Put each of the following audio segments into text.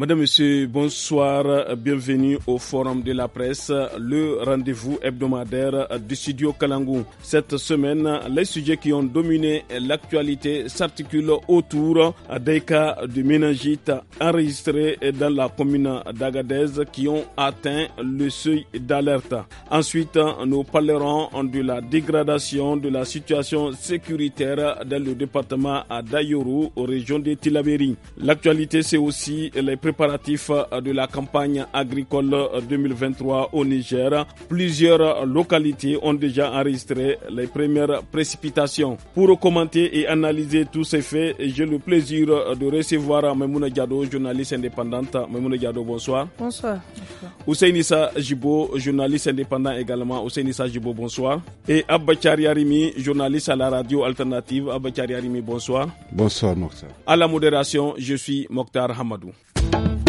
Madame, Monsieur, bonsoir. Bienvenue au Forum de la presse, le rendez-vous hebdomadaire du studio Kalangou. Cette semaine, les sujets qui ont dominé l'actualité s'articulent autour des cas de méningite enregistrés dans la commune d'Agadez qui ont atteint le seuil d'alerte. Ensuite, nous parlerons de la dégradation de la situation sécuritaire dans le département d'Ayoru, région régions de Tilaberi. L'actualité, c'est aussi les préparatifs de la campagne agricole 2023 au Niger, plusieurs localités ont déjà enregistré les premières précipitations. Pour commenter et analyser tous ces faits, j'ai le plaisir de recevoir Memouna Diado, journaliste indépendante. Memouna Diado, bonsoir. Bonsoir. Hussein Jibo, journaliste indépendant également. Hussein Jibo, bonsoir. Et Abba Arimi, journaliste à la radio alternative. Abba Arimi, bonsoir. Bonsoir, Mokhtar. À la modération, je suis Mokhtar Hamadou. Bye.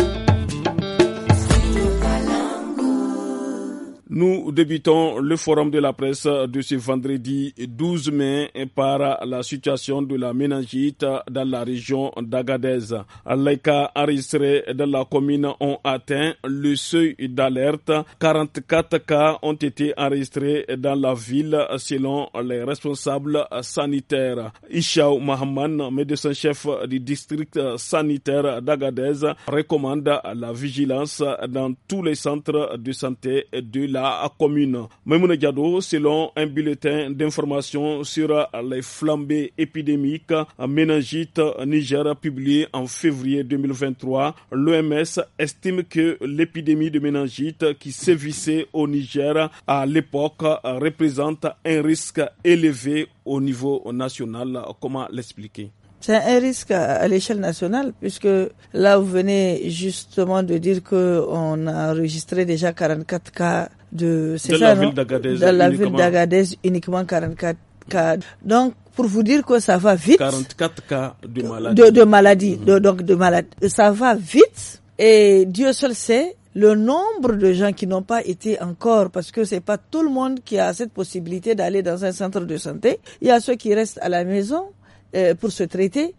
Nous débutons le forum de la presse de ce vendredi 12 mai par la situation de la méningite dans la région d'Agadez. Les cas enregistrés dans la commune ont atteint le seuil d'alerte. 44 cas ont été enregistrés dans la ville selon les responsables sanitaires. Ishaou Mahaman, médecin-chef du district sanitaire d'Agadez, recommande la vigilance dans tous les centres de santé de la la commune. Maimouna Diado, selon un bulletin d'information sur les flambées épidémiques méningite Niger publié en février 2023, l'OMS estime que l'épidémie de méningite qui sévissait au Niger à l'époque représente un risque élevé au niveau national. Comment l'expliquer c'est un risque à l'échelle nationale puisque là vous venez justement de dire qu'on a enregistré déjà 44 cas de, ça, la ville d'Agadez uniquement. 44 cas. Donc, pour vous dire que ça va vite. 44 cas de maladie. De, de maladie, mhm. donc de malades Ça va vite et Dieu seul sait le nombre de gens qui n'ont pas été encore, parce que c'est pas tout le monde qui a cette possibilité d'aller dans un centre de santé. Il y a ceux qui restent à la maison euh, pour se traiter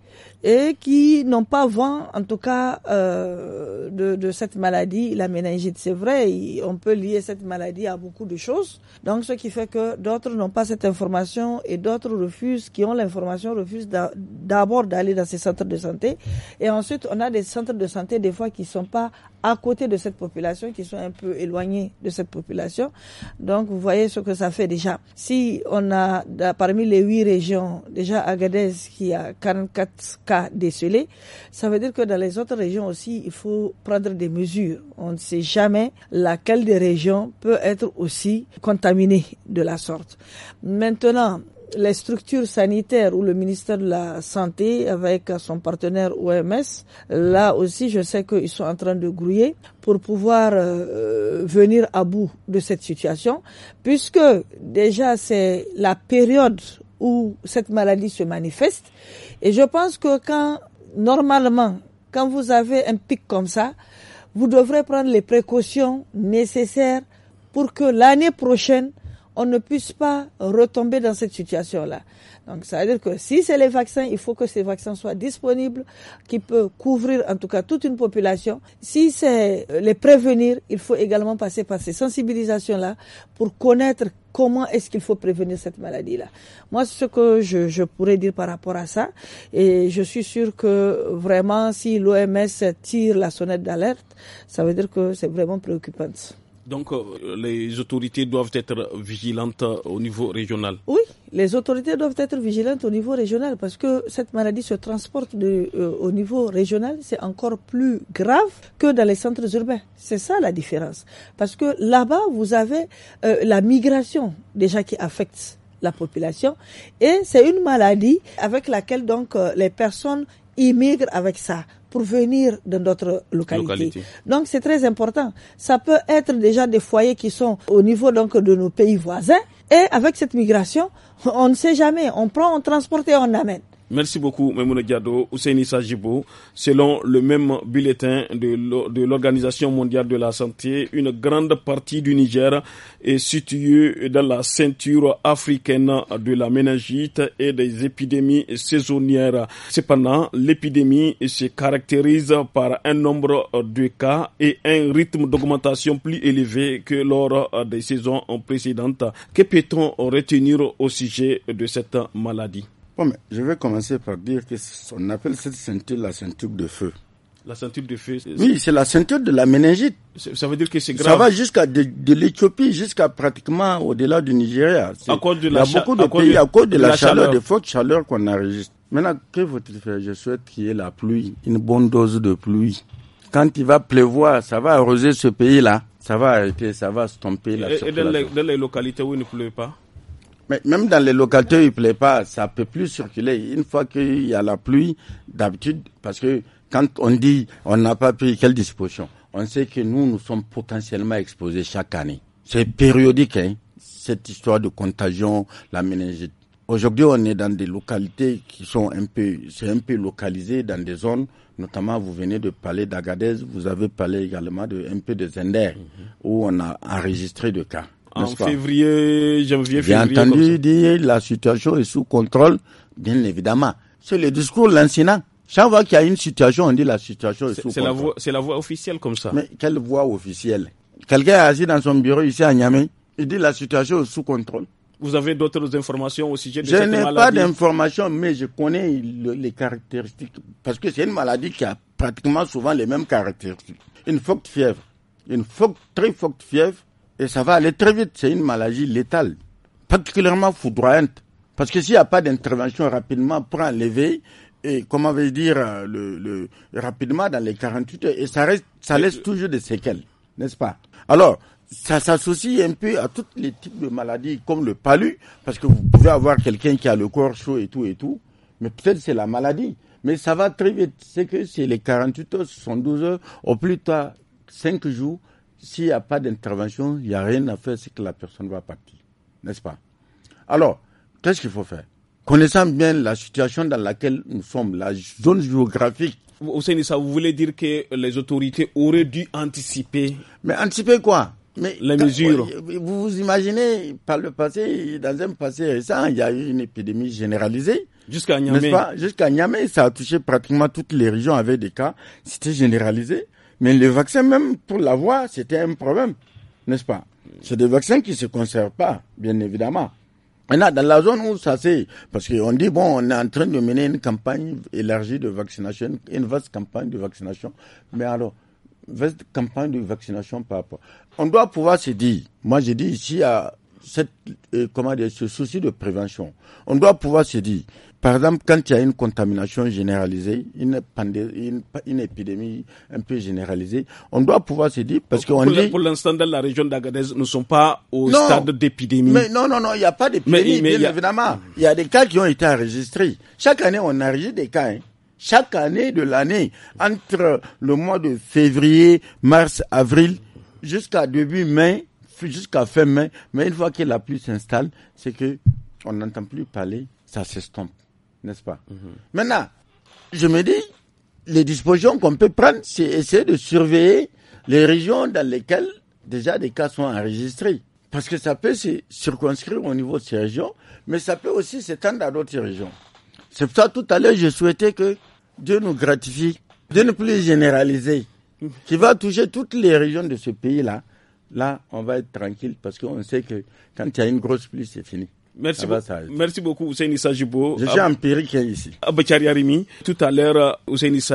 et qui n'ont pas vent, en tout cas, euh, de, cette maladie, la méningite. C'est vrai, on peut lier cette maladie à beaucoup de choses. Donc, ce qui fait que d'autres n'ont pas cette information et d'autres refusent, qui ont l'information, refusent d'abord d'aller dans ces centres de santé. Et ensuite, on a des centres de santé, des fois, qui sont pas à côté de cette population, qui sont un peu éloignés de cette population. Donc, vous voyez ce que ça fait déjà. Si on a, parmi les huit régions, déjà Agadez, qui a 44 cas décelés, ça veut dire que dans les autres régions aussi, il faut prendre des mesures. On ne sait jamais laquelle des régions peut être aussi contaminée de la sorte. Maintenant, les structures sanitaires ou le ministère de la Santé avec son partenaire OMS, là aussi je sais qu'ils sont en train de grouiller pour pouvoir euh, venir à bout de cette situation, puisque déjà c'est la période où cette maladie se manifeste. Et je pense que quand, normalement, quand vous avez un pic comme ça, vous devrez prendre les précautions nécessaires pour que l'année prochaine, on ne puisse pas retomber dans cette situation-là. Donc, ça veut dire que si c'est les vaccins, il faut que ces vaccins soient disponibles, qui peuvent couvrir en tout cas toute une population. Si c'est euh, les prévenir, il faut également passer par ces sensibilisations-là pour connaître comment est-ce qu'il faut prévenir cette maladie-là. Moi, ce que je, je, pourrais dire par rapport à ça, et je suis sûr que vraiment, si l'OMS tire la sonnette d'alerte, ça veut dire que c'est vraiment préoccupant. Donc euh, les autorités doivent être vigilantes au niveau régional. Oui, les autorités doivent être vigilantes au niveau régional parce que cette maladie se transporte de, euh, au niveau régional. C'est encore plus grave que dans les centres urbains. C'est ça la différence. Parce que là-bas, vous avez euh, la migration déjà qui affecte la population et c'est une maladie avec laquelle donc les personnes immigrent avec ça pour venir dans notre localités. Localité. Donc c'est très important. Ça peut être déjà des foyers qui sont au niveau donc de nos pays voisins et avec cette migration, on ne sait jamais, on prend, on transporte et on amène. Merci beaucoup, Memouna Diado, Ousseini Sajibo. Selon le même bulletin de l'Organisation mondiale de la santé, une grande partie du Niger est située dans la ceinture africaine de la méningite et des épidémies saisonnières. Cependant, l'épidémie se caractérise par un nombre de cas et un rythme d'augmentation plus élevé que lors des saisons précédentes. Que peut-on retenir au sujet de cette maladie? Bon, je vais commencer par dire que on appelle cette ceinture la ceinture de feu. La ceinture de feu. Oui, c'est la ceinture de la méningite. Ça veut dire que c'est grave. Ça va jusqu'à de, l'Éthiopie, jusqu'à pratiquement au-delà du Nigeria. la Il y a beaucoup de pays à cause de, la, chaleur, de des fortes chaleurs qu'on enregistre. Maintenant, que faut-il faire Je souhaite qu'il y ait la pluie, une bonne dose de pluie. Quand il va pleuvoir, ça va arroser ce pays-là. Ça va arrêter, ça va stomper la et, et dans les, dans les localités où il ne pleut pas même dans les localités où il plaît pas, ça peut plus circuler. Une fois qu'il y a la pluie, d'habitude, parce que quand on dit on n'a pas pris quelle disposition, on sait que nous, nous sommes potentiellement exposés chaque année. C'est périodique, hein. cette histoire de contagion, la méningite. Aujourd'hui, on est dans des localités qui sont un peu, localisées, dans des zones, notamment vous venez de parler d'Agadez, vous avez parlé également de un peu de Zender, mhm. où on a enregistré des cas. En février, janvier, février. J'ai entendu dire la situation est sous contrôle, bien évidemment. C'est le discours lancinant. Chaque fois qu'il y a une situation, on dit la situation est, sous contrôle. C'est la voix officielle comme ça. Mais quelle voix officielle Quelqu'un est assis dans son bureau ici à Niamey, il dit la situation est sous contrôle. Vous avez d'autres informations au sujet de je cette maladie Je n'ai pas d'informations, mais je connais les caractéristiques. Parce que c'est une maladie qui a pratiquement souvent les mêmes caractéristiques. Une forte fièvre, une forte, très forte fièvre, et ça va aller très vite. C'est une maladie létale, particulièrement foudroyante. Parce que s'il n'y a pas d'intervention rapidement pour enlever, et comment vais-je dire, euh, le, rapidement dans les 48 heures, et ça, reste, ça laisse toujours des séquelles, n'est-ce pas Alors, ça s'associe un peu à tous les types de maladies comme le palu, parce que vous pouvez avoir quelqu'un qui a le corps chaud et tout et tout, mais peut-être c'est la maladie. Mais ça va très vite. C'est que c'est les 48 heures, 72 heures, au plus tard 5 jours, s'il n'y a pas d'intervention, il n'y a rien à faire, c'est que la personne va partir. N'est-ce pas Alors, qu'est-ce qu'il faut faire Connaissant bien la situation dans laquelle nous sommes, la zone géographique. ça vous voulez dire que les autorités auraient dû anticiper Mais anticiper quoi mais les mesures. Vous vous imaginez, par le passé, dans un passé récent, il y a eu une épidémie généralisée. Jusqu'à Niamey. Jusqu'à Niamey, ça a touché pratiquement toutes les régions avec des cas. C'était généralisé. Mais le vaccin, même pour l'avoir, c'était un problème, n'est-ce pas C'est des vaccins qui ne se conservent pas, bien évidemment. Maintenant, dans la zone où ça c'est, parce qu'on dit, bon, on est en train de mener une campagne élargie de vaccination, une vaste campagne de vaccination, mais alors, vaste campagne de vaccination par rapport. On doit pouvoir se dire, moi j'ai dit ici à cette, euh, comment dire, ce souci de prévention, on doit pouvoir se dire, par exemple, quand il y a une contamination généralisée, une, épidémie un peu généralisée, on doit pouvoir se dire, parce qu'on dit... Pour l'instant, dans la région d'Agadez, nous ne sommes pas au stade d'épidémie. non, non, non, il n'y a pas d'épidémie, bien évidemment. Il y a des cas qui ont été enregistrés. Chaque année, on enregistre des cas. Hein. chaque année de l'année, entre le mois de février, mars, avril, jusqu'à début mai, jusqu'à fin mai. Mais une fois que la pluie s'installe, c'est que on n'entend plus parler, ça s'estompe n'est-ce pas mhm. Maintenant, je me dis, les dispositions qu'on peut prendre, c'est essayer de surveiller les régions dans lesquelles déjà des cas sont enregistrés. Parce que ça peut se circonscrire au niveau de ces régions, mais ça peut aussi s'étendre à d'autres régions. C'est pour ça, tout à l'heure, je souhaitais que Dieu nous gratifie ne plus généraliser, qui va toucher toutes les régions de ce pays-là. Là, on va être tranquille parce qu'on sait que quand il y a une grosse pluie, c'est fini. Merci, beaucoup, Je ah, ici. tout à l'heure,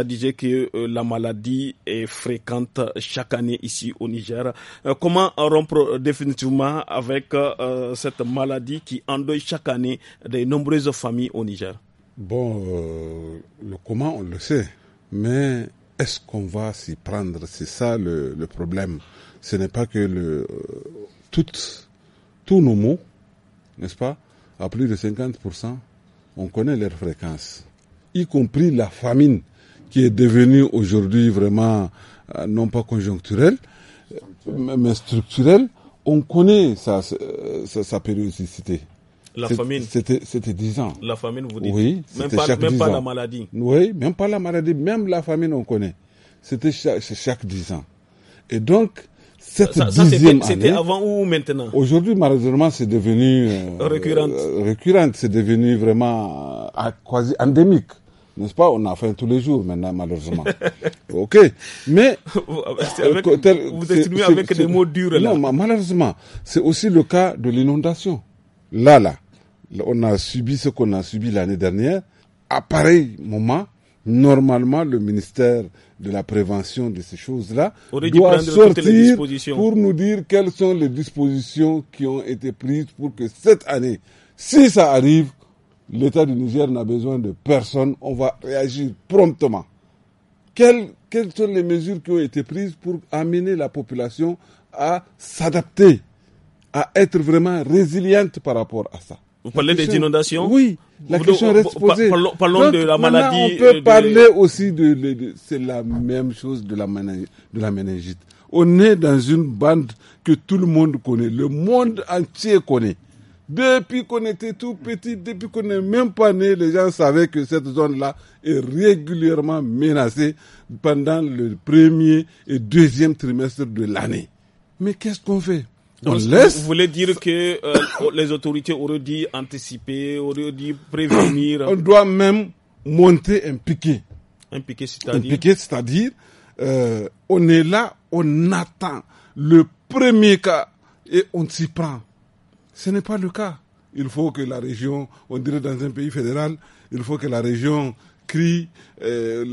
disait que euh, la maladie est fréquente chaque année ici au Niger. Euh, comment rompre définitivement avec euh, cette maladie qui endeuille chaque année de nombreuses familles au Niger Bon, le comment, on le sait. Mais est-ce qu'on va s'y prendre C'est ça le, problème. Ce n'est pas que le, tous nos mots n'est-ce pas, à plus de 50%, on connaît leurs fréquences, y compris la famine qui est devenue aujourd'hui vraiment euh, non pas conjoncturelle, mais structurelle. On connaît sa, sa, périodicité. La famine. C'était, c'était 10 ans. La famine, vous dites Oui, même pas, la maladie. Oui, même pas la maladie, même la famine, on connaît. C'était chaque, chaque 10 ans. Et donc, cette ça, ça c'était avant ou maintenant Aujourd'hui, malheureusement, c'est devenu euh, récurrent, euh, récurrente. C'est devenu vraiment euh, quasi endémique. N'est-ce pas On a faim tous les jours maintenant, malheureusement. ok. Mais avec, vous exprimez avec des mots durs là. Non, malheureusement, c'est aussi le cas de l'inondation. Là, là, on a subi ce qu'on a subi l'année dernière. À pareil moment, normalement, le ministère de la prévention de ces choses-là doit sortir pour nous dire quelles sont les dispositions qui ont été prises pour que cette année, si ça arrive, l'État du Niger n'a besoin de personne, on va réagir promptement. Quelles, quelles sont les mesures qui ont été prises pour amener la population à s'adapter, à être vraiment résiliente par rapport à ça vous parlez des inondations Oui, la question reste posée. Parlons, de la maladie. On euh, peut parler aussi de, c'est la même chose de la, de la méningite. On est dans une bande que tout le monde connaît, le monde entier connaît. Depuis qu'on était tout petit, depuis qu'on n'est même pas né, les gens savaient que cette zone-là est régulièrement menacée pendant le premier et deuxième trimestre de l'année. Mais qu'est-ce qu'on fait on laisse. Vous voulez dire que euh, les autorités auraient dit anticiper, auraient dû prévenir. On doit même monter un piquet. Un piquet, c'est-à-dire. Un piquet, c'est-à-dire, euh, on est là, on attend le premier cas et on s'y prend. Ce n'est pas le cas. Il faut que la région, on dirait dans un pays fédéral, il faut que la région cris euh,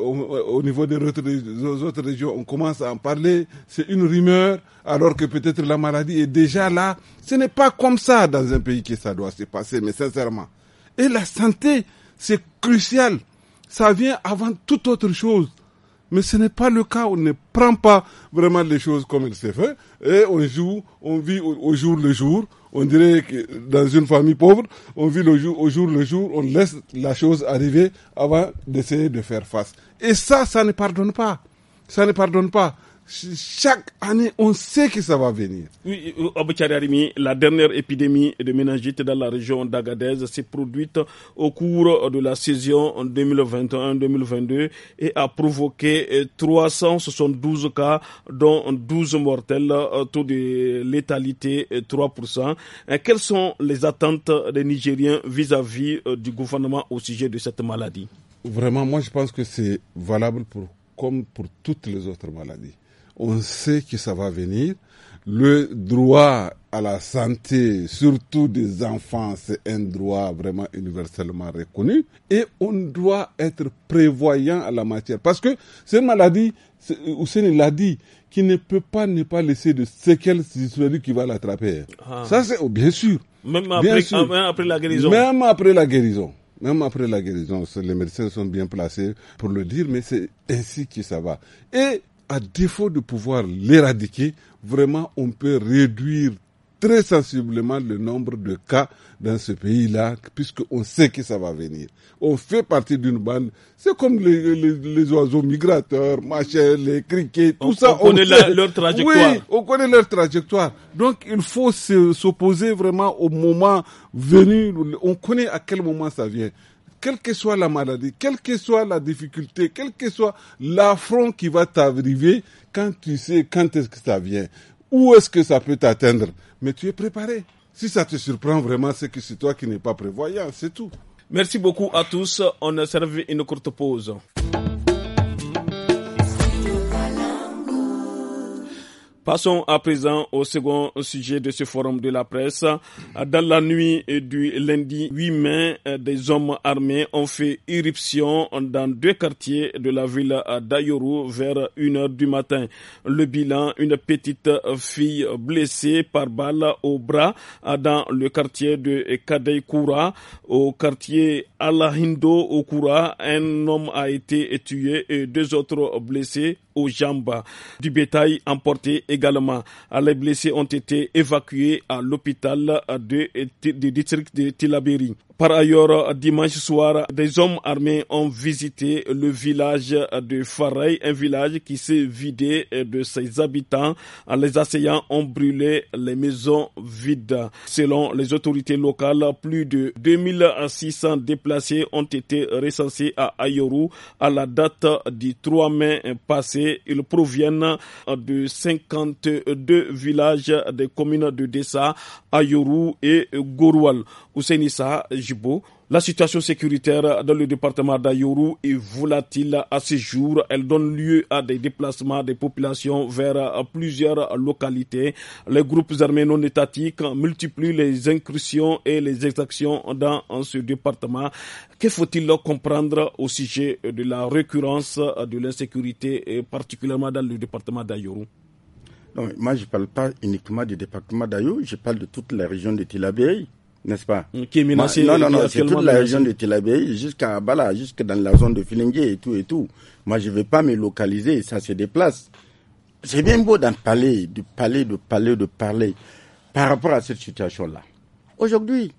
au, niveau des autres, autres, régions, on commence à en parler, c'est une rumeur, alors que peut-être la maladie est déjà là. Ce n'est pas comme ça dans un pays que ça doit se passer, mais sincèrement. Et la santé, c'est crucial. Ça vient avant toute autre chose. Mais ce n'est pas le cas. On ne prend pas vraiment les choses comme il se fait. Et on joue, on vit au jour le jour on dirait que dans une famille pauvre, on vit le jour, au jour le jour, on laisse la chose arriver avant d'essayer de faire face. Et ça, ça ne pardonne pas. Ça ne pardonne pas chaque année, on sait que ça va venir. Oui, euh, Arimi, la dernière épidémie de méningite dans la région d'Agadez s'est produite au cours de la saison 2021-2022 et a provoqué 372 euh, cas, dont 12 mortels, euh, taux de létalité 3%. Quelles sont les attentes des Nigériens vis-à-vis -vis du gouvernement au sujet de cette maladie Vraiment, moi je pense que c'est valable pour, comme pour toutes les autres maladies on sait que ça va venir. Le droit à la santé, surtout des enfants, c'est un droit vraiment universellement reconnu. Et on doit être prévoyant à la matière. Parce que c'est une maladie, c'est l'a dit, qui ne peut pas ne pas laisser de séquelles sur celui qui va l'attraper. Ah. Ça, c'est oh, bien sûr. Même après, bien sûr. Même après la guérison. Même après la guérison même après la guérison, les médecins sont bien placés pour le dire, mais c'est ainsi que ça va. Et à défaut de pouvoir l'éradiquer, vraiment, on peut réduire très sensiblement le nombre de cas dans ce pays-là, puisqu'on sait que ça va venir. On fait partie d'une bande. C'est comme les, oiseaux migrateurs, machin, les criquets, tout ça. On, connaît leur trajectoire. Oui, on connaît leur trajectoire. Donc, il faut s'opposer vraiment au moment venu. On connaît à quel moment ça vient quelle que soit la maladie, quelle que soit la difficulté, quel que soit l'affront qui va t'arriver, quand tu sais quand est-ce que ça vient, où est-ce que ça peut t'atteindre, mais tu es préparé. Si ça te surprend vraiment, c'est que c'est toi qui n'es pas prévoyant, c'est tout. Merci beaucoup à tous. On a servi une courte pause. Passons à présent au second sujet de ce forum de la presse. Dans la nuit du lundi 8 mai, des hommes armés ont fait irruption dans deux quartiers de la ville d'Ayoru vers 1 heure du matin. Le bilan, une petite fille blessée par balle au bras dans le quartier de Kadeikura. Au quartier Alahindo Okura, un homme a été tué et deux autres blessés aux jambes. Du bétail emporté également. Les blessés ont été évacués à l'hôpital de district de Tilaberi. Par ailleurs, dimanche soir, des hommes armés ont visité le village de Faray, un village qui s'est vidé de ses habitants. Les assaillants ont brûlé les maisons vides. Selon les autorités locales, plus de 2600 déplacés ont été recensés à Ayoru à la date du 3 mai passé. Ils proviennent de 52 villages des communes de Dessa, Ayoru et Gourwal la situation sécuritaire dans le département d'Ayoru est volatile à ce jour. Elle donne lieu à des déplacements des populations vers plusieurs localités. Les groupes armés non étatiques multiplient les incursions et les exactions dans ce département. Que faut-il comprendre au sujet de la récurrence de l'insécurité, particulièrement dans le département d'Ayoru? moi, je ne parle pas uniquement du département d'Ayoru, je parle de toute la région de Tilabeye n'est-ce pas Non, non, non, c'est toute la région de Tilabéi, jusqu'à Abala, jusque dans la zone de Filingué et tout et tout. Moi, je ne vais pas me localiser, ça se déplace. C'est bien beau d'en parler, de parler, de parler, de parler, par rapport à cette situation-là. Aujourd'hui,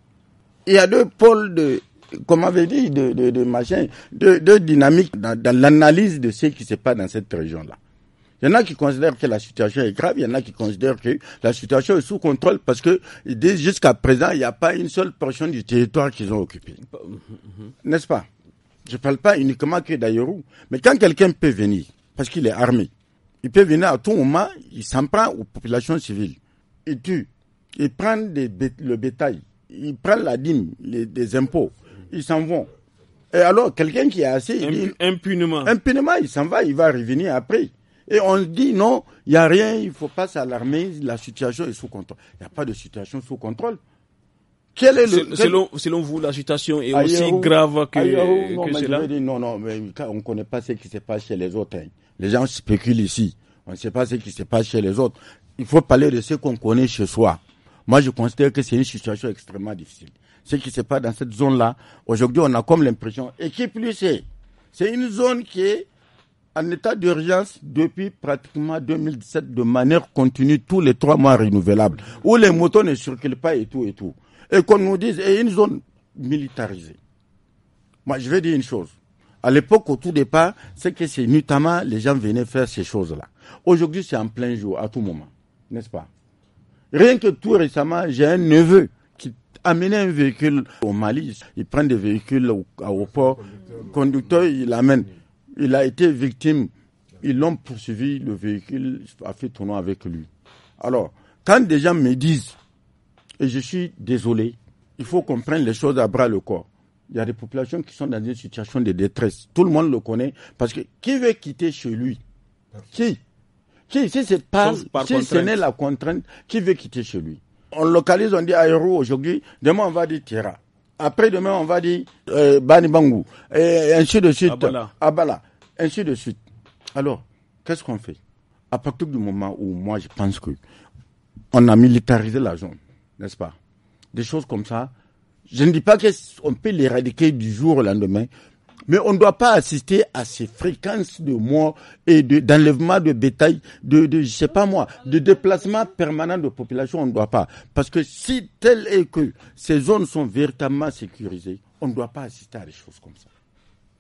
il y a deux pôles de, comme avait dit, de, de, de machin, deux, dynamiques dans, dans l'analyse de ce qui se passe dans cette région-là. Il y en a qui considèrent que la situation est grave, il y en a qui considèrent que la situation est sous contrôle parce que jusqu'à présent, il n'y a pas une seule portion du territoire qu'ils ont occupé. Mhm. N'est-ce pas Je ne parle pas uniquement que d'Ayoru, mais quand quelqu'un peut venir, parce qu'il est armé, il peut venir à tout moment, il s'en prend aux populations civiles. Il tue, il prend le bétail, il prend la dîme, les, des impôts, il s'en va. Et alors, quelqu'un qui est assez Il, impunément. Impunément, il s'en va, il va revenir après. Et on dit non, il n'y a rien, il ne faut pas s'alarmer, la situation est sous contrôle. Il n'y a pas de situation sous contrôle. Quel est le, selon, vous, la situation est aussi grave que, cela Non, non, mais on ne connaît pas ce qui se passe chez les autres. Hein. Les gens spéculent ici. On ne sait pas ce qui se passe chez les autres. Il faut parler de ce qu'on connaît chez soi. Moi, je considère que c'est une situation extrêmement difficile. Ce qui se passe dans cette zone-là, aujourd'hui, on a comme l'impression, et qui plus est, c'est une zone qui est en état d'urgence depuis pratiquement 2017 de manière continue, tous les trois mois renouvelables, où les motos ne circulent pas et tout et tout. Et qu'on nous dise, et une zone militarisée. Moi, je vais dire une chose. À l'époque, au tout départ, c'est que c'est notamment les gens venaient faire ces choses-là. Aujourd'hui, c'est en plein jour, à tout moment. N'est-ce pas? Rien que tout récemment, j'ai un neveu qui amenait un véhicule au Mali. Il prend des véhicules au, au port. Conducteur, il l'amène. Il a été victime. Ils l'ont poursuivi, le véhicule a fait tournant avec lui. Alors, quand des gens me disent, et je suis désolé, il faut comprendre les choses à bras le corps. Il y a des populations qui sont dans une situation de détresse. Tout le monde le connaît. Parce que qui veut quitter chez lui Qui Qui Si, c'est pas, si ce n'est la contrainte, qui veut quitter chez lui On localise, on dit aéro aujourd'hui, demain on va dire Tira. Après-demain, on va dire euh, Bani Bangu. et ainsi de suite, Abala. ainsi de suite. Alors, qu'est-ce qu'on fait À partir du moment où moi, je pense que on a militarisé la zone, n'est-ce pas Des choses comme ça, je ne dis pas qu'on peut l'éradiquer du jour au lendemain, mais on ne doit pas assister à ces fréquences de morts et d'enlèvement de, bétail, de, de, je sais pas moi, de déplacement permanent de population. On ne doit pas. Parce que si tel est que ces zones sont véritablement sécurisées, on ne doit pas assister à des choses comme ça.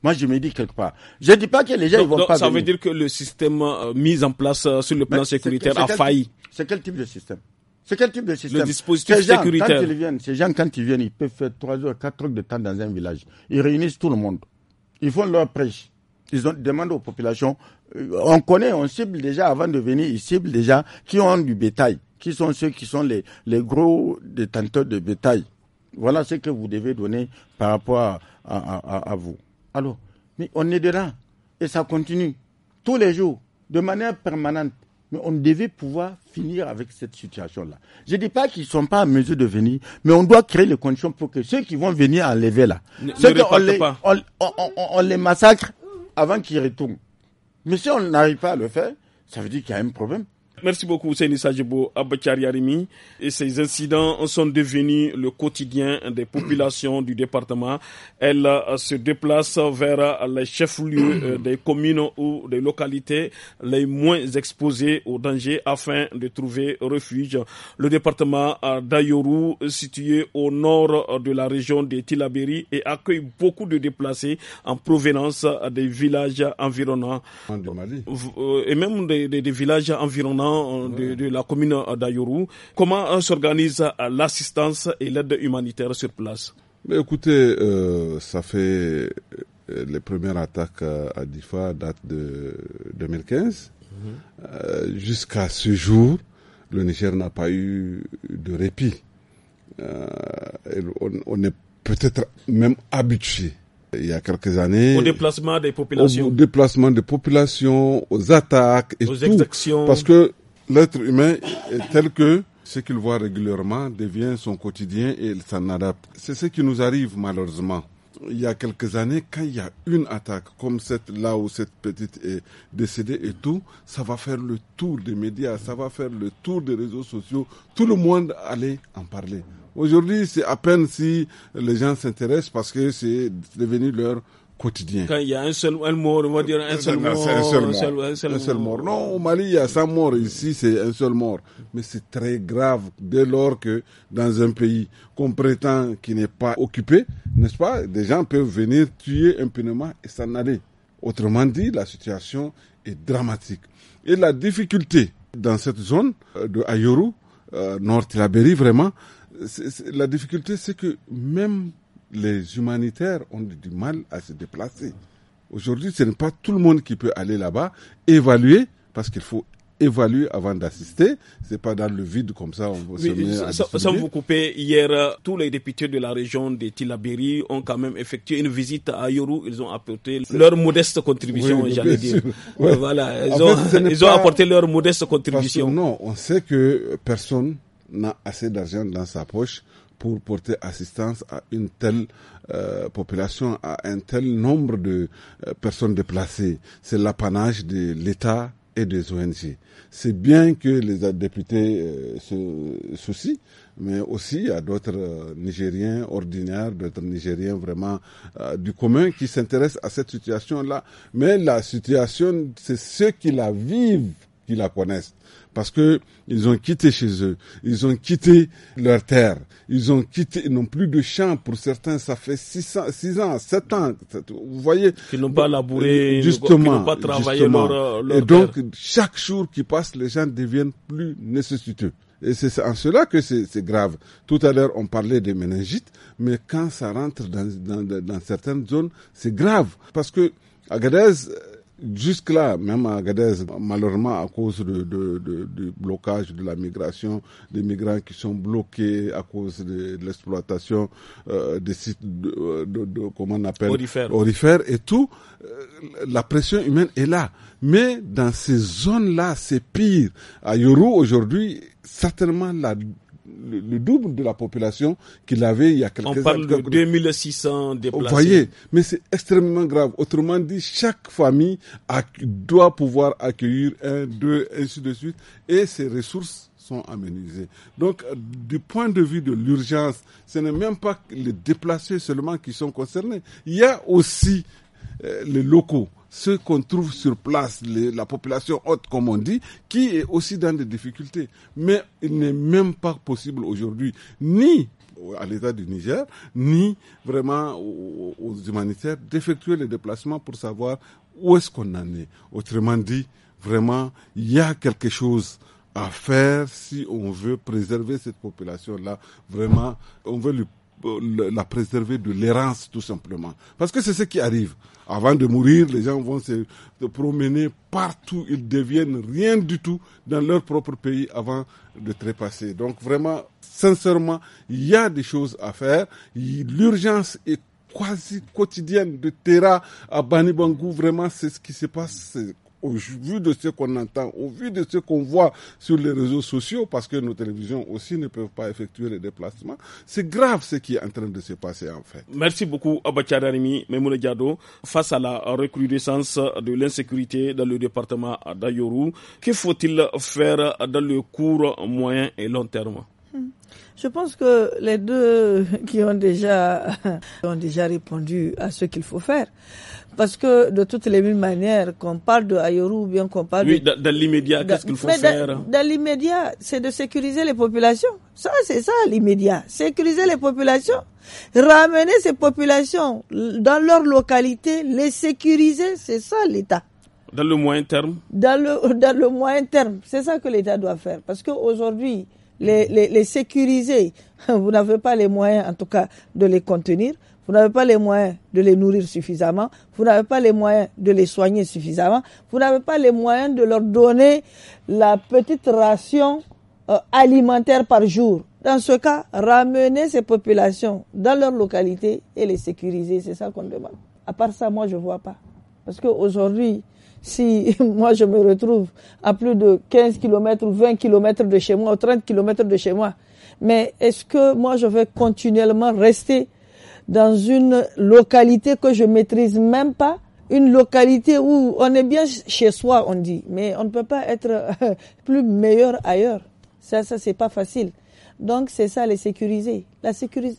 Moi, je me dis quelque part. Je ne dis pas que les gens ne vont donc, pas. Ça veut dire que le système euh, mis en place euh, sur le plan sécuritaire a failli. C'est quel type de système C'est quel type de système Le dispositif Quand ils viennent, ces gens, quand ils viennent, ils peuvent faire 3 heures, 4 heures de temps dans un village. Ils réunissent tout le monde. Ils font leur prêche. Ils demandent aux populations. Euh, on connaît, on cible déjà avant de venir, ils ciblent déjà qui ont du bétail, qui sont ceux qui sont les, gros détenteurs de bétail. Voilà ce que vous devez donner par rapport à, vous. Alors, mais on est dedans et ça continue tous les jours, de manière permanente. Mais on devait pouvoir finir avec cette situation-là. Je ne dis pas qu'ils ne sont pas en mesure de venir, mais on doit créer les conditions pour que ceux qui vont venir enlever là, ceux on les massacre avant qu'ils retournent. Mais si on n'arrive pas à le faire, ça veut dire qu'il y a un problème. Merci beaucoup, Ousseini Sajibo Yarimi. Et ces incidents sont devenus le quotidien des populations du département. Elles euh, se déplacent vers euh, les chefs-lieux euh, des communes ou des localités les moins exposées aux danger afin de trouver refuge. Le département d'Ayoru, situé au nord de la région de Tilaberi, et accueille beaucoup de déplacés en provenance des villages environnants. Et même des villages environnants euh, de, la commune d'Ayourou. Comment on euh, s'organise euh, l'assistance et l'aide humanitaire sur place Mais Écoutez, ça fait les premières attaques à Difa datent de 2015. Mhm. Jusqu'à ce jour, le Niger n'a pas eu de répit. on, est peut-être même habitué. Il y a quelques années. Au déplacement des populations. Au déplacement des populations, aux attaques et aux tout. Parce que l'être humain est tel que ce qu'il voit régulièrement devient son quotidien et il s'en adapte. C'est ce qui nous arrive malheureusement. Il y a quelques années, quand il y a une attaque comme cette là où cette petite est décédée et tout, ça va faire le tour des médias, ça va faire le tour des réseaux sociaux. Tout le monde allait en parler. Aujourd'hui, c'est à peine si les gens s'intéressent parce que c'est devenu leur quotidien. Quand il y a un seul mort, on va dire un seul, mort, un seul mort. Non, au Mali, il y a 100 morts. Ici, c'est un seul mort. Mais c'est très grave dès lors que dans un pays qu'on prétend qui n'est pas occupé, n'est-ce pas, des gens peuvent venir tuer impunément et s'en aller. Autrement dit, la situation est dramatique. Et la difficulté dans cette zone euh, de Ayoru, euh, Nord Tilaberi vraiment, la difficulté c'est que même les humanitaires ont du mal à se déplacer. Aujourd'hui, ce n'est pas tout le monde qui peut aller là-bas, évaluer, parce qu'il faut évaluer avant d'assister. C'est pas dans le vide comme ça. On sans, vous couper, hier, euh, tous les députés de la région de Tilabiri ont quand même effectué une visite à Yoru. Ils ont apporté leur modeste contribution, j'allais dire. Euh, voilà, ils, ont, apporté leur modeste contribution. non, on sait que personne n'a assez d'argent dans sa poche pour porter assistance à une telle euh, population, à un tel nombre de euh, personnes déplacées. C'est l'apanage de l'État et des ONG. C'est bien que les députés euh, se soucient, mais aussi à d'autres Nigériens ordinaires, d'autres Nigériens vraiment du commun qui s'intéressent à cette situation-là. Mais la situation, c'est ceux qui la vivent qui la connaissent parce que ils ont quitté chez eux, ils ont quitté leur terre, ils ont quitté, ils n'ont plus de champs pour certains, ça fait 6 ans, 6 ans, 7 ans, vous voyez. Qu'ils n'ont pas labouré, justement, euh, n'ont pas travaillé Leur, leur Et donc, chaque jour qui passe, les gens deviennent plus nécessiteux. Et c'est en cela que c'est grave. Tout à l'heure, on parlait des méningites, mais quand ça rentre dans, dans, dans certaines zones, c'est grave. Parce que Gadez... Jusque-là, même à Agadez, malheureusement, à cause de, du blocage de la migration, des migrants qui sont bloqués à cause de, l'exploitation euh, des sites, de, comment on appelle Orifères. et tout, euh, la pression humaine est là. Mais dans ces zones-là, c'est pire. À Yoru, aujourd'hui, certainement, la le, double de la population qu'il avait il y a quelques années. On parle de 2600 déplacés. Vous voyez, mais c'est extrêmement grave. Autrement dit, chaque famille doit pouvoir accueillir un, deux, ainsi de suite, et ses ressources sont aménisées. Donc, euh, du point de vue de l'urgence, ce n'est même pas les déplacés seulement qui sont concernés. Il y a aussi euh, les locaux ce qu'on trouve sur place, la population haute, comme on dit, qui est aussi dans des difficultés. Mais il n'est même pas possible aujourd'hui, ni à l'État du Niger, ni vraiment aux, humanitaires, d'effectuer les déplacements pour savoir où est-ce qu'on en est. Autrement dit, vraiment, il y a quelque chose à faire si on veut préserver cette population-là. Vraiment, on veut lui euh, la préserver de l'errance, tout simplement. Parce que c'est ce qui arrive. Avant de mourir, les gens vont se, promener partout. Ils deviennent rien du tout dans leur propre pays avant de trépasser. Donc vraiment, sincèrement, il y a des choses à faire. L'urgence est quasi quotidienne de Terra à Banibangou. Vraiment, c'est ce qui se passe au vu de ce qu'on entend, au vu de ce qu'on voit sur les réseaux sociaux, parce que nos télévisions aussi ne peuvent pas effectuer les déplacements, c'est grave ce qui est en train de se passer en fait. Merci beaucoup Abachadani Memoune Diado. Face à la recrudescence de l'insécurité dans le département d'Ayoru, que faut-il faire dans le court, moyen et long terme je pense que les deux qui ont déjà, ont déjà répondu à ce qu'il faut faire. Parce que de toutes les mêmes manières, qu'on parle de Ayoru ou bien qu'on parle de... dans, l'immédiat, qu'est-ce qu'il faut faire Dans, l'immédiat, c'est de sécuriser les populations. Ça, c'est ça l'immédiat. Sécuriser les populations, ramener ces populations dans leur localité, les sécuriser, c'est ça l'État. Dans le moyen terme Dans le, dans le moyen terme, c'est ça que l'État doit faire. Parce qu'aujourd'hui, aujourd'hui les, sécuriser. Vous n'avez pas les moyens, en tout cas, de les contenir. Vous n'avez pas les moyens de les nourrir suffisamment. Vous n'avez pas les moyens de les soigner suffisamment. Vous n'avez pas les moyens de leur donner la petite ration euh, alimentaire par jour. Dans ce cas, ramener ces populations dans leur localité et les sécuriser, c'est ça qu'on demande. À part ça, moi, je vois pas. Parce qu'aujourd'hui, si moi je me retrouve à plus de 15 km ou 20 km de chez moi ou 30 km de chez moi, mais est-ce que moi je vais continuellement rester dans une localité que je maîtrise même pas une localité où on est bien chez soi, on dit, mais on ne peut pas être plus meilleur ailleurs. Ça, ça, c'est pas facile. Donc, c'est ça, les sécuriser. La,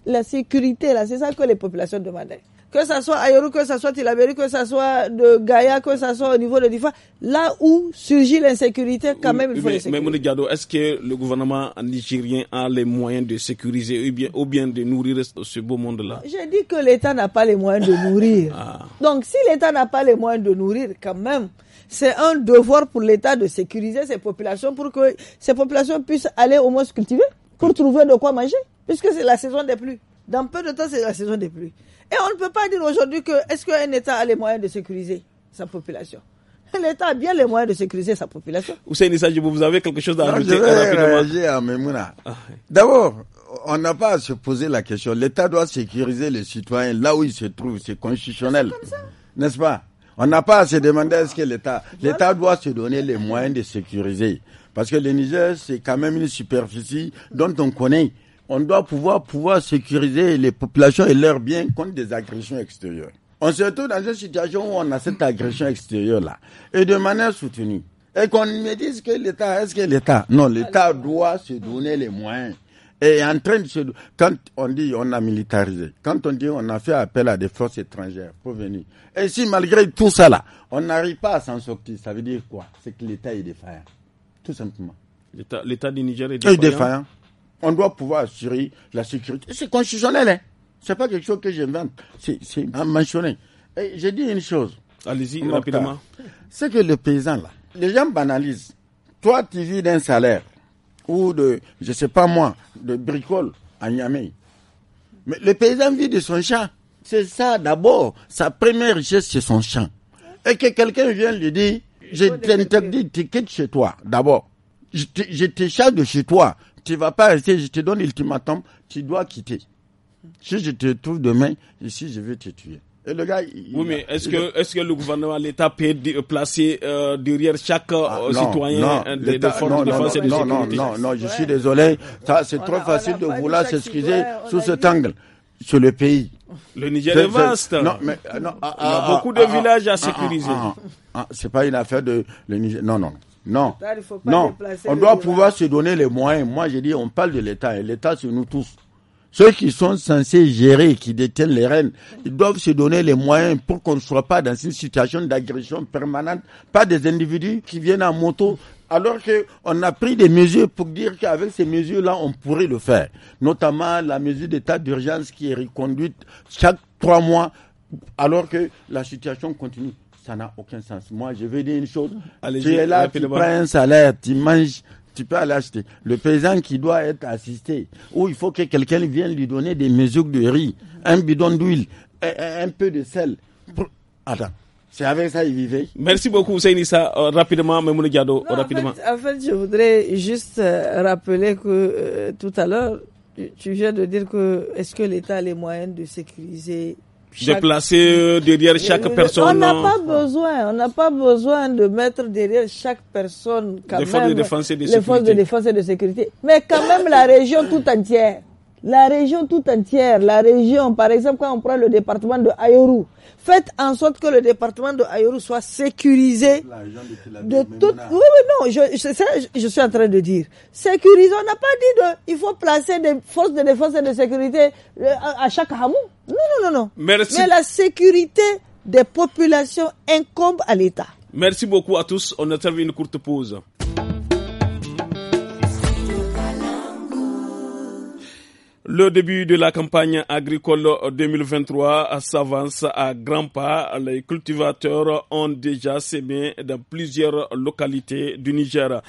la sécurité, là, c'est ça que les populations demandent que ça soit Ayoru, que ça soit Tilaberi, que ça soit de Gaïa, que ça soit au niveau de Difa, là où surgit l'insécurité, quand même, il faut mais, est-ce que le gouvernement nigérien a les moyens de sécuriser ou bien, de nourrir ce beau monde-là J'ai dit que l'État n'a pas les moyens de nourrir. Ah. Donc, si l'État n'a pas les moyens de nourrir, quand même, c'est un devoir pour l'État de sécuriser ses populations pour que ces populations puissent aller au moins se cultiver, pour trouver de quoi manger, puisque c'est la saison des pluies. Dans peu de temps, c'est la saison des pluies. Et on ne peut pas dire aujourd'hui que est-ce qu'un État a les moyens de sécuriser sa population L'État a bien les moyens de sécuriser sa population. vous avez quelque chose à à ah, D'abord, on n'a pas à se poser la question. L'État doit sécuriser les citoyens là où ils se trouvent. C'est constitutionnel. N'est-ce pas On n'a pas à se demander est-ce que l'État... L'État doit se donner les moyens de sécuriser. Parce que le Niger, c'est quand même une superficie dont on connaît on doit pouvoir, pouvoir sécuriser les populations et leurs biens contre des agressions extérieures. On se retrouve dans une situation où on a cette agression extérieure-là, et de manière soutenue. Et qu'on me dise que l'État, est-ce que l'État Non, l'État doit se donner les moyens. Et en train de se... Quand on dit on a militarisé, quand on dit on a fait appel à des forces étrangères pour venir, et si malgré tout ça là, on n'arrive pas à s'en sortir, ça veut dire quoi C'est que l'État est défaillant, tout simplement. L'État du Niger est Est défaillant on doit pouvoir assurer la sécurité. C'est constitutionnel, hein. C'est pas quelque chose que j'invente. C'est mentionné. Et j'ai dit une chose. Allez-y rapidement. C'est que le paysan, là, les gens banalisent. Toi, tu vis d'un salaire ou de, je sais pas moi, de bricole à Niamey. Mais le paysan vit de son champ. C'est ça d'abord. Sa première richesse, c'est son champ. Et que quelqu'un vienne lui dire, je t'interdis tu quittes chez toi, d'abord. Je te, de chez toi tu vas pas rester, je te donne l'ultimatum, tu dois quitter. Si je te trouve demain, ici, je vais te tuer. Et le gars, oui, mais est-ce que, est-ce que le gouvernement, l'État peut euh, placer euh, derrière chaque euh, ah, citoyen des, des de défense et de sécurité Non, non, non, je suis désolé. c'est trop facile de vouloir s'excuser sous cet angle. Sur le pays. Le Niger est, vaste. Non, mais, il y a ah, ah, beaucoup de villages à sécuriser. c'est pas une affaire de. Le Niger, non, non. Non. non. On doit pouvoir se donner les moyens. Moi, je dis, on parle de l'État. Et hein. l'État, c'est nous tous. Ceux qui sont censés gérer, qui détiennent les rênes, ils doivent se donner les moyens pour qu'on ne soit pas dans une situation d'agression permanente, pas des individus qui viennent en moto, alors qu'on a pris des mesures pour dire qu'avec ces mesures-là, on pourrait le faire. Notamment la mesure d'état d'urgence qui est reconduite chaque trois mois, alors que la situation continue ça n'a aucun sens. Moi, je veux dire une chose. tu es là, tu prends un salaire, tu manges, tu peux aller acheter. Le paysan qui doit être assisté, ou il faut que quelqu'un vienne lui donner des mesures de riz, un bidon d'huile, un peu de sel. Attends. C'est avec ça qu'il vivait. Merci beaucoup, Seynissa. Euh, rapidement, Memoune Gado. rapidement. En fait, je voudrais juste euh, rappeler que euh, tout à l'heure, tu viens de dire que est-ce que l'État a les moyens de sécuriser de déplacer euh, derrière chaque personne. On n'a hein. pas besoin, on n'a pas besoin de mettre derrière chaque personne quand les de défense et de forces de défense et de sécurité, mais quand même la région tout entière la région tout entière, la région, par exemple, quand on prend le département de Ayoru, faites en sorte que le département de Ayoru soit sécurisé de, Oui, non, je, je, je suis en train de dire. Sécuriser, on n'a pas dit de, il faut placer des forces de défense et de sécurité euh, à, chaque hameau. Non, non, non, non. Merci. Mais la sécurité des populations incombe à l'État. Merci beaucoup à tous. On a servi une courte pause. Le début de la campagne agricole 2023 s'avance à grands pas. Les cultivateurs ont déjà sémé dans plusieurs localités du Niger.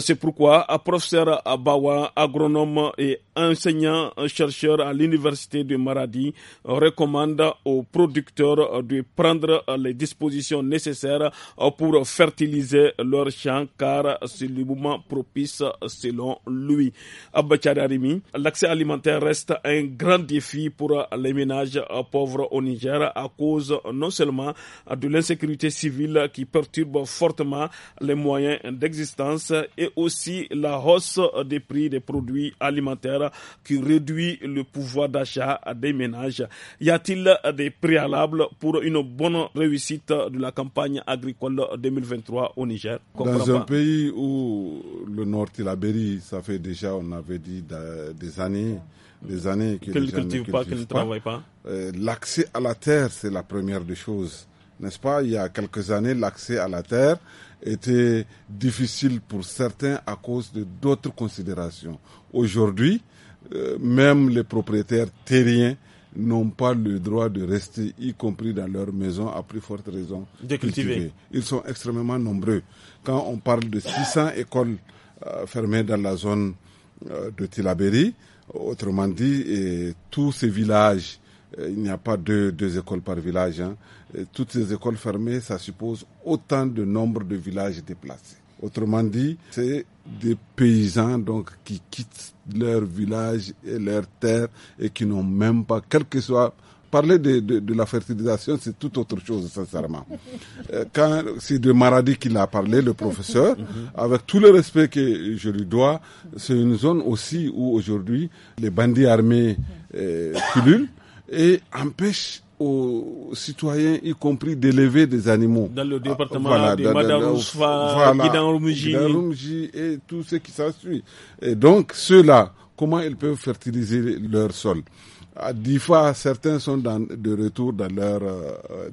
C'est pourquoi professeur Abawa, agronome et enseignant-chercheur à l'université de Maradi, recommande aux producteurs de prendre les dispositions nécessaires pour fertiliser leurs champs car c'est le moment propice selon lui. Abba l'accès alimentaire reste un grand défi pour les ménages pauvres au Niger à cause non seulement de l'insécurité civile qui perturbe fortement les moyens d'existence et aussi la hausse des prix des produits alimentaires qui réduit le pouvoir d'achat des ménages. Y a-t-il des préalables pour une bonne réussite de la campagne agricole 2023 au Niger Dans un pays où le Nord tilabéry ça fait déjà, on avait dit, des années, des années que ne pas, ne travaillent pas. Euh, l'accès à la terre, c'est la première des choses. N'est-ce pas Il y a quelques années, l'accès à la terre était difficile pour certains à cause de d'autres considérations. Aujourd'hui, euh, même les propriétaires terriens n'ont pas le droit de rester, y compris dans leur maison, à plus forte raison. De cultiver. Ils sont extrêmement nombreux. Quand on parle de 600 écoles euh, fermées dans la zone de Tilaberi, Autrement dit, tous ces villages, euh, il n'y a pas deux, écoles par village. Hein. Toutes ces écoles fermées, ça suppose autant de nombre de villages déplacés. Autrement dit, c'est des paysans donc qui quittent leur village et leur terre et qui n'ont même pas, quel que soit parler de, de, de la fertilisation, c'est tout autre chose, sincèrement. Euh, quand c'est de Maradi qu'il a parlé, le professeur, mhm. avec tout le respect que je lui dois, c'est une zone aussi où aujourd'hui les bandits armés euh, pullulent et empêchent aux citoyens, y compris d'élever des animaux. Dans le ah, département voilà, de Madarousfa, voilà, et tout ce qui s'ensuit. Et donc, ceux-là, comment ils peuvent fertiliser leur sol à dix fois, certains sont dans, de retour dans leur euh,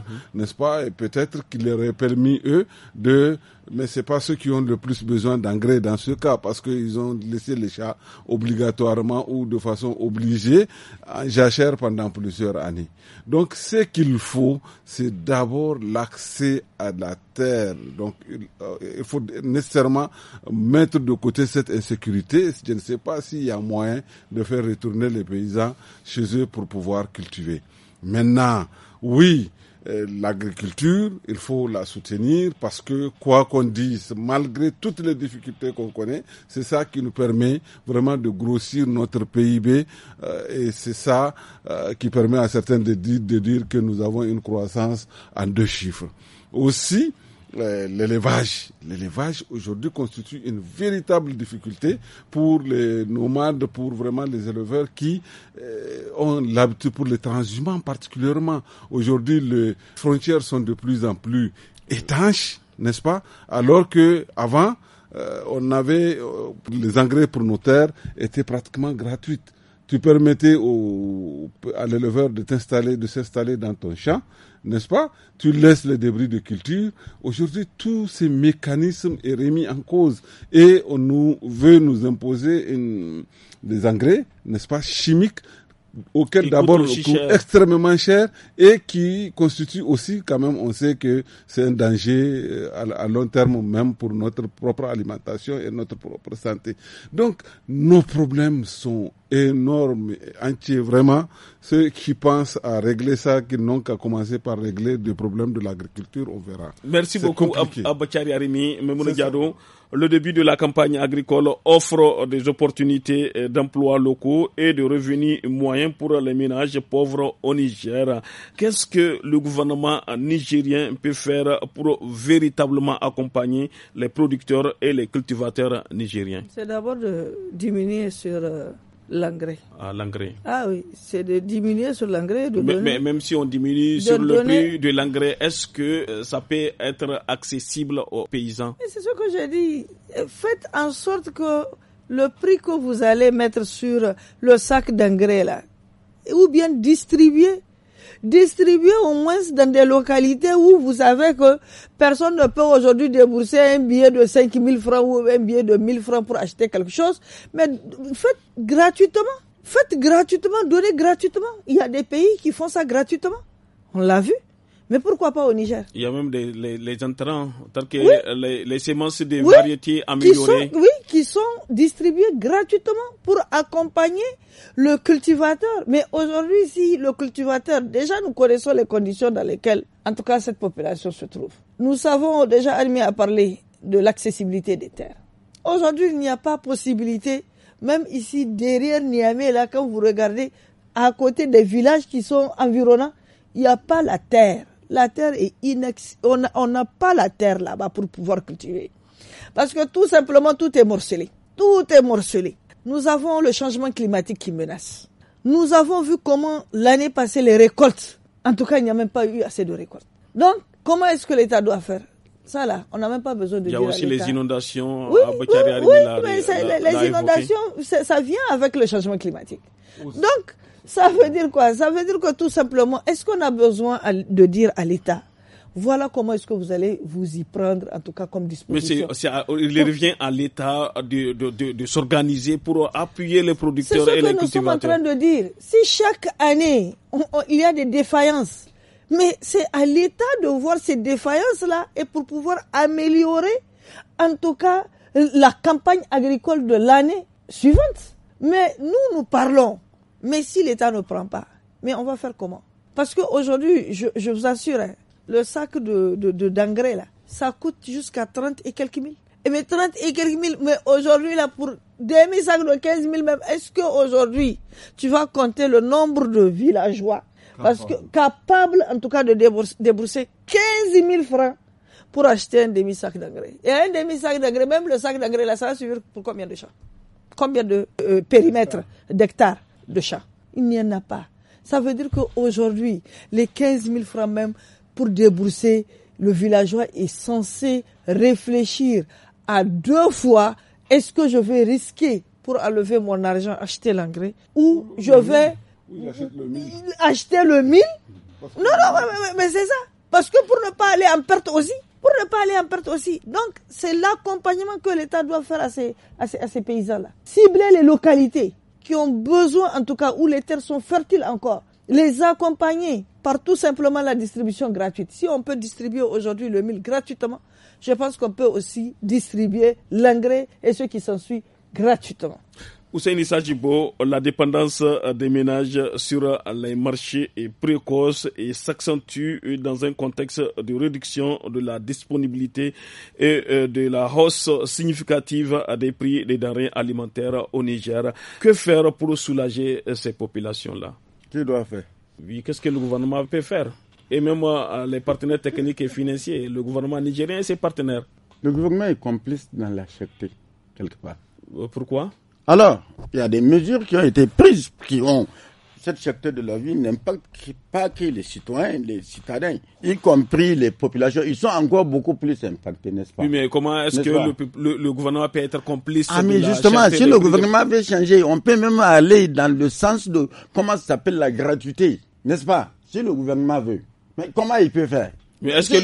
mhm. n'est-ce pas Et peut-être qu'il leur est permis, eux, de mais c'est pas ceux qui ont le plus besoin d'engrais dans ce cas parce qu'ils ont laissé les chats obligatoirement ou de façon obligée en hein, jachère pendant plusieurs années. Donc ce qu'il faut, c'est d'abord l'accès à la terre. Donc euh, il faut nécessairement mettre de côté cette insécurité. Je ne sais pas s'il y a moyen de faire retourner les paysans chez eux pour pouvoir cultiver. Maintenant, oui, euh, l'agriculture, il faut la soutenir parce que quoi qu'on dise, malgré toutes les difficultés qu'on connaît, c'est ça qui nous permet vraiment de grossir notre PIB euh, et c'est ça euh, qui permet à certains de dire, de dire que nous avons une croissance en deux chiffres. Aussi, euh, l'élevage. L'élevage aujourd'hui constitue une véritable difficulté pour les nomades, pour vraiment les éleveurs qui euh, ont l'habitude, pour les transhumants particulièrement. Aujourd'hui, les frontières sont de plus en plus étanches, n'est-ce pas Alors que avant, euh, on avait les engrais pour nos terres étaient pratiquement gratuites. Tu permettais au, à l'éleveur de t'installer, de s'installer dans ton champ n'est-ce pas Tu laisses les débris de culture. Aujourd'hui, tous ces mécanismes est remis en cause et on nous veut nous imposer des engrais, n'est-ce pas, chimiques auxquels d'abord extrêmement cher et qui constitue aussi quand même on sait que c'est un danger euh, à, à, long terme même pour notre propre alimentation et notre propre santé donc nos problèmes sont énorme, entier vraiment. Ceux qui pensent à régler ça, qui n'ont qu'à commencer par régler des problèmes de l'agriculture, on verra. Merci beaucoup, Abachari Arimi, Le début de la campagne agricole offre des opportunités euh, d'emplois locaux et de revenus moyens pour les ménages pauvres au Niger. Qu'est-ce que le gouvernement nigérien peut faire pour véritablement accompagner les producteurs et les cultivateurs nigériens C'est d'abord de diminuer sur euh, L'engrais. Ah, l'engrais. Ah oui, c'est de diminuer sur l'engrais. Mais, même si on diminue sur le prix de l'engrais, est-ce que euh, ça peut être accessible aux paysans C'est ce que j'ai dit. Faites en sorte que le prix que vous allez mettre sur le sac d'engrais, là, ou bien distribuer distribuez au moins dans des localités où vous savez que personne ne peut aujourd'hui débourser un billet de 5000 francs ou un billet de 1000 francs pour acheter quelque chose. Mais faites gratuitement. Faites gratuitement, donnez gratuitement. Il y a des pays qui font ça gratuitement. On l'a vu. Mais pourquoi pas au Niger Il y a même des, les, entrants, tels que les, les, semences des variétés améliorées. oui, qui sont distribuées gratuitement pour accompagner le cultivateur. Mais aujourd'hui, si le cultivateur, déjà nous connaissons les conditions dans lesquelles, en tout cas, cette population se trouve. Nous savons déjà, Almi a parlé de l'accessibilité des terres. Aujourd'hui, il n'y a pas possibilité, même ici derrière Niamey, là, quand vous regardez, à côté des villages qui sont environnants, il n'y a pas la terre la terre est inex... On n'a pas la terre là-bas pour pouvoir cultiver. Parce que tout simplement, tout est morcelé. Tout est morcelé. Nous avons le changement climatique qui menace. Nous avons vu comment l'année passée, les récoltes, en tout cas, il n'y a même pas eu assez de récoltes. Donc, comment est-ce que l'État doit faire ça là, on n'a même pas besoin de dire. Il y a aussi les inondations. Oui, euh, oui, oui, oui mais les, inondations, ça vient avec le changement climatique. Donc, ça veut dire quoi Ça veut dire que tout simplement, est-ce qu'on a besoin de dire à l'État voilà comment est-ce que vous allez vous y prendre, en tout cas comme disposition. Mais il revient à l'État de, s'organiser pour appuyer les producteurs ce que nous sommes en train de dire. Si chaque année, il y a des défaillances, mais c'est à l'État de voir ces défaillances-là et pour pouvoir améliorer, en tout cas, la campagne agricole de l'année suivante. Mais nous, nous parlons mais si l'État ne prend pas, mais on va faire comment Parce qu'aujourd'hui, je, je vous assure, hein, le sac d'engrais, de, ça coûte jusqu'à 30 et quelques mille. Et eh mais 30 et quelques mille, mais aujourd'hui, là, pour demi-sac de 15 000 même, est-ce qu'aujourd'hui, tu vas compter le nombre de villageois parce que capable en tout cas de débourser, 15 000 francs pour acheter un demi-sac d'engrais. Et un demi-sac d'engrais, même le sac d'engrais, là, ça va suivre pour combien de champs Combien de euh, périmètres, d'hectares de chat. Il n'y en a pas. Ça veut dire qu'aujourd'hui, les 15 000 francs même pour débourser, le villageois est censé réfléchir à deux fois, est-ce que je vais risquer pour enlever mon argent, acheter l'engrais, ou je vais acheter le mille Non, non, mais, c'est ça. Parce que pour ne pas aller en perte aussi, pour ne pas aller en perte aussi. Donc, c'est l'accompagnement que l'État doit faire à ces, à ces paysans-là. Cibler les localités qui ont besoin, en tout cas, où les terres sont fertiles encore, les accompagner par tout simplement la distribution gratuite. Si on peut distribuer aujourd'hui le mille gratuitement, je pense qu'on peut aussi distribuer l'engrais et ce qui s'ensuit gratuitement. Ousseini Sajibo, la dépendance euh, des ménages sur euh, les marchés est précoce et s'accentue euh, dans un contexte de réduction de la disponibilité et de la hausse significative des prix des denrées alimentaires au Niger. Que faire pour soulager ces populations-là Qui doit faire qu'est-ce que le gouvernement peut faire Et même les partenaires techniques et financiers, le gouvernement nigérien et ses partenaires. Le gouvernement est complice dans la quelque part. Pourquoi alors, il y a des mesures qui ont été prises, qui ont cette secteur de la vie n'impacte pas que les citoyens, les citadins, y compris les populations. Ils sont encore beaucoup plus impactés, n'est-ce pas Oui, mais comment est-ce que le, gouvernement peut être complice Ah, mais justement, si le gouvernement veut changer, on peut même aller dans le sens de comment ça s'appelle la gratuité, n'est-ce pas Si le gouvernement veut. Mais comment il peut faire mais est-ce que,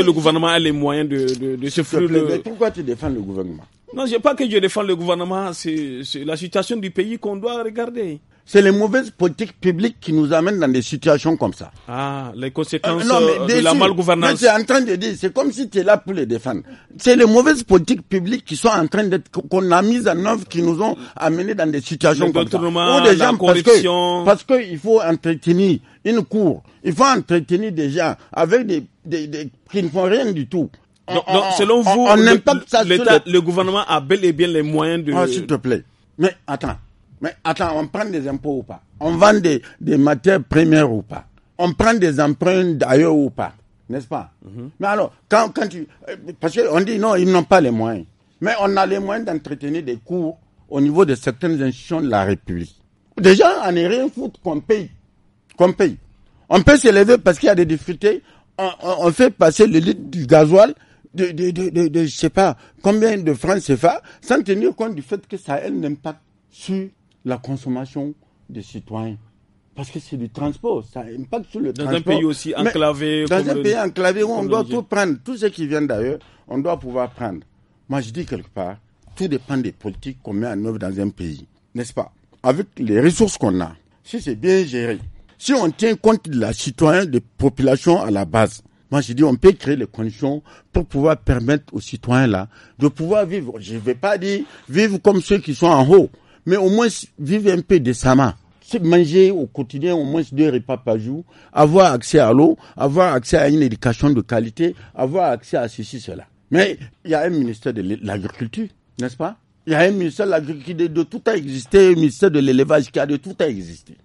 le gouvernement a les moyens de, de, se foutre le... Pourquoi tu défends le gouvernement non, je pas que je défends le gouvernement, c'est la situation du pays qu'on doit regarder. C'est les mauvaises politiques publiques qui nous amènent dans des situations comme ça. Ah, les conséquences de euh, non, mais, euh, de Non, la malgouvernance. c'est en train de dire, c'est comme si tu es là pour les défendre. C'est les mauvaises politiques publiques qui sont en train d'être, qu'on a mises en œuvre, qui nous ont amenés dans des situations comme ça. Ou des gens, la corruption. parce que, il qu'il faut entretenir une cour, il faut entretenir des gens avec des, des, des qui ne font rien du tout. Non, eh, eh, eh. selon vous, le, gouvernement a bel et bien les moyens de. Ah, s'il te plaît. Mais attends. Mais attends, on prend des impôts ou pas On vend des, matières premières ou pas On prend des emprunts d'ailleurs ou pas N'est-ce pas mhm. Mais alors, quand, quand tu. Euh, parce qu'on dit non, ils n'ont pas les moyens. Mais on a les moyens d'entretenir des cours au niveau de certaines institutions de la République. Déjà, on n'est rien foutre qu'on paye. Qu'on paye. On peut s'élever parce qu'il y a des difficultés. On, on fait passer le litre du gasoil de, de, de, je sais pas, combien de francs CFA, sans tenir compte du fait que ça a un impact sur la consommation des citoyens. Parce que c'est du transport, ça impacte sur le transport. Dans un pays aussi enclavé. dans un pays enclavé où on doit tout prendre, tout ce qui vient d'ailleurs, on doit pouvoir prendre. Moi, je dis quelque part, tout dépend des politiques qu'on met en œuvre dans un pays, n'est-ce pas Avec les ressources qu'on a, si c'est bien géré, si on tient compte de la citoyenne, des populations à la base, moi, je dis, on peut créer les conditions pour pouvoir permettre aux citoyens là de pouvoir vivre. Je ne vais pas dire vivre comme ceux qui sont en haut, mais au moins vivre un peu décemment manger au quotidien au moins deux repas par jour, avoir accès à l'eau, avoir accès à une éducation de qualité, avoir accès à ceci, cela. Mais il y a un ministère de l'agriculture, n'est-ce pas Il y a un ministère de l'agriculture, de, tout à exister, un ministère de l'élevage qui a de tout à exister.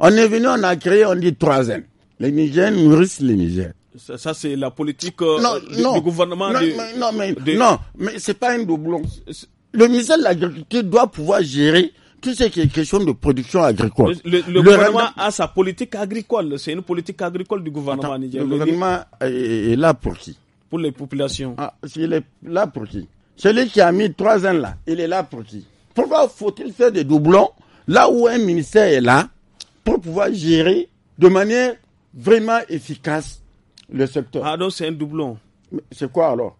On est venu, on a créé, on dit troisième. Les Nigériens nourrissent les Nigériens. Ça, c'est la politique euh, du gouvernement. Non, mais, non, mais, c'est pas un doublon. Le ministère de l'Agriculture doit pouvoir gérer tout ce qui est question de production agricole. Le, gouvernement a sa politique agricole. C'est une politique agricole du gouvernement Le gouvernement est, là pour qui Pour les populations. Ah, il est là pour qui Celui qui a mis trois ans là, il est là pour qui Pourquoi faut-il faire des doublons là où un ministère est là pour pouvoir gérer de manière vraiment efficace le secteur. Ah c'est un doublon. C'est quoi alors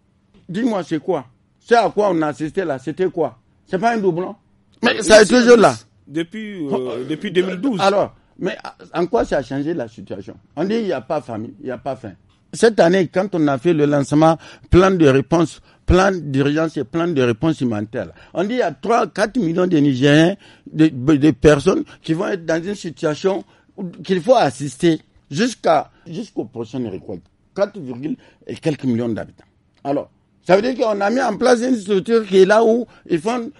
Dis-moi c'est quoi C'est à quoi on a assisté là C'était quoi C'est pas un doublon Mais ça est toujours là. Depuis, euh, oh, euh, depuis 2012. Alors, mais en quoi ça a changé la situation On dit il n'y a pas famille, il n'y a pas faim. Cette année, quand on a fait le lancement plan de réponse, plan d'urgence et plan de réponse humanitaire, on dit il y a 3, 4 millions de Nigériens, de, de personnes qui vont être dans une situation qu'il faut assister jusqu'à, jusqu'aux prochaines récoltes. 4, et quelques millions d'habitants. Alors, ça veut dire qu'on a mis en place une structure qui est là où ils font,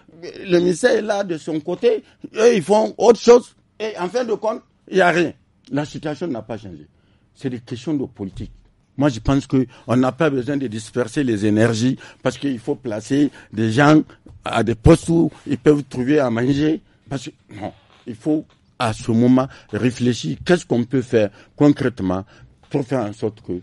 le ministère est là de son côté, eux ils font autre chose, et en fin de compte, il n'y a rien. La situation n'a pas changé. C'est des questions de politique. Moi, je pense qu'on n'a pas besoin de disperser les énergies parce qu'il faut placer des gens à des postes où ils peuvent trouver à manger. Parce que, non, il faut à ce moment réfléchir qu'est-ce qu'on peut faire concrètement pour faire en sorte que,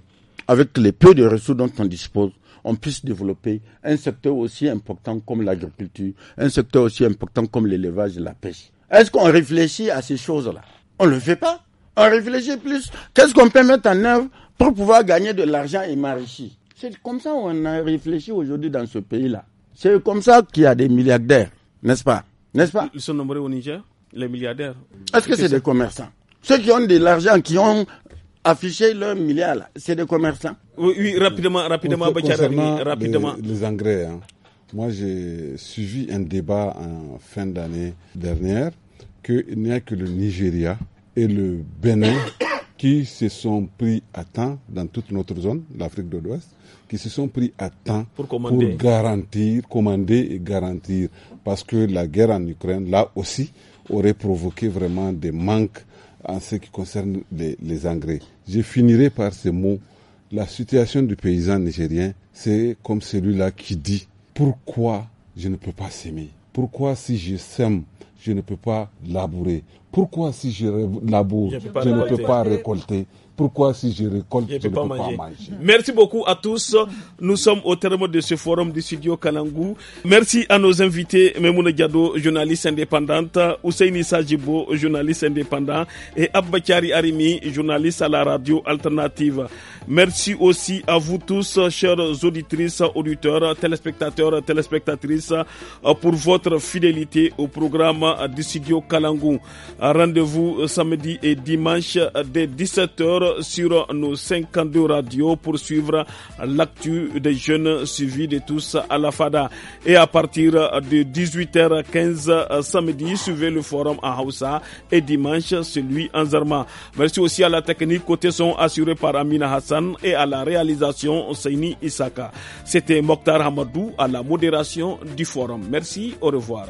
avec les peu de ressources dont on dispose, on puisse développer un secteur aussi important comme l'agriculture, un secteur aussi important comme l'élevage et la pêche. Est-ce qu'on réfléchit à ces choses-là On ne le fait pas. On réfléchit plus. Qu'est-ce qu'on peut mettre en œuvre pour pouvoir gagner de l'argent et m'enrichir C'est comme ça qu'on a réfléchi aujourd'hui dans ce pays-là. C'est comme ça qu'il y a des milliardaires, n'est-ce pas N'est-ce pas Ils sont nombreux au Niger les milliardaires. Est-ce que c'est des commerçants Ceux qui ont de l'argent, qui ont affiché leur milliard, c'est des commerçants oui, rapidement, rapidement, Bachar, rapidement. Les, engrais, hein. moi j'ai suivi un débat en fin d'année dernière qu'il n'y a que le Nigeria et le Bénin qui se sont pris à temps dans toute notre zone, l'Afrique de l'Ouest, qui se sont pris à temps pour, commander. pour garantir, commander et garantir. Parce que la guerre en Ukraine, là aussi, aurait provoqué vraiment des manques en ce qui concerne les, engrais. Je finirai par ces mots. La situation du paysan nigérien, c'est comme celui-là qui dit pourquoi je ne peux pas s'aimer pourquoi si je sème, je ne peux pas labourer Pourquoi si je laboure, je ne peux pas récolter pourquoi si je récolte, je, ne peux pas manger. Merci beaucoup à tous. Nous sommes au terme de ce forum du studio Kalangou. Merci à nos invités, Memouna Diado, journaliste indépendante, Ousseini Sajibo, journaliste indépendant, et Abbakari Arimi, journaliste à la radio alternative. Merci aussi à vous tous, chers auditrices, auditeurs, téléspectateurs, téléspectatrices, pour votre fidélité au programme du studio Kalangou. Rendez-vous samedi et dimanche dès 17h sur nos 52 radios pour suivre l'actu des jeunes suivis de tous à la FADA. Et à partir de 18h15 samedi, suivez le forum à Hausa et dimanche celui en Zarma. Merci aussi à la technique côté son assuré par Amina Hassan et à la réalisation Saini Isaka. C'était Mokhtar Hamadou à la modération du forum. Merci, au revoir.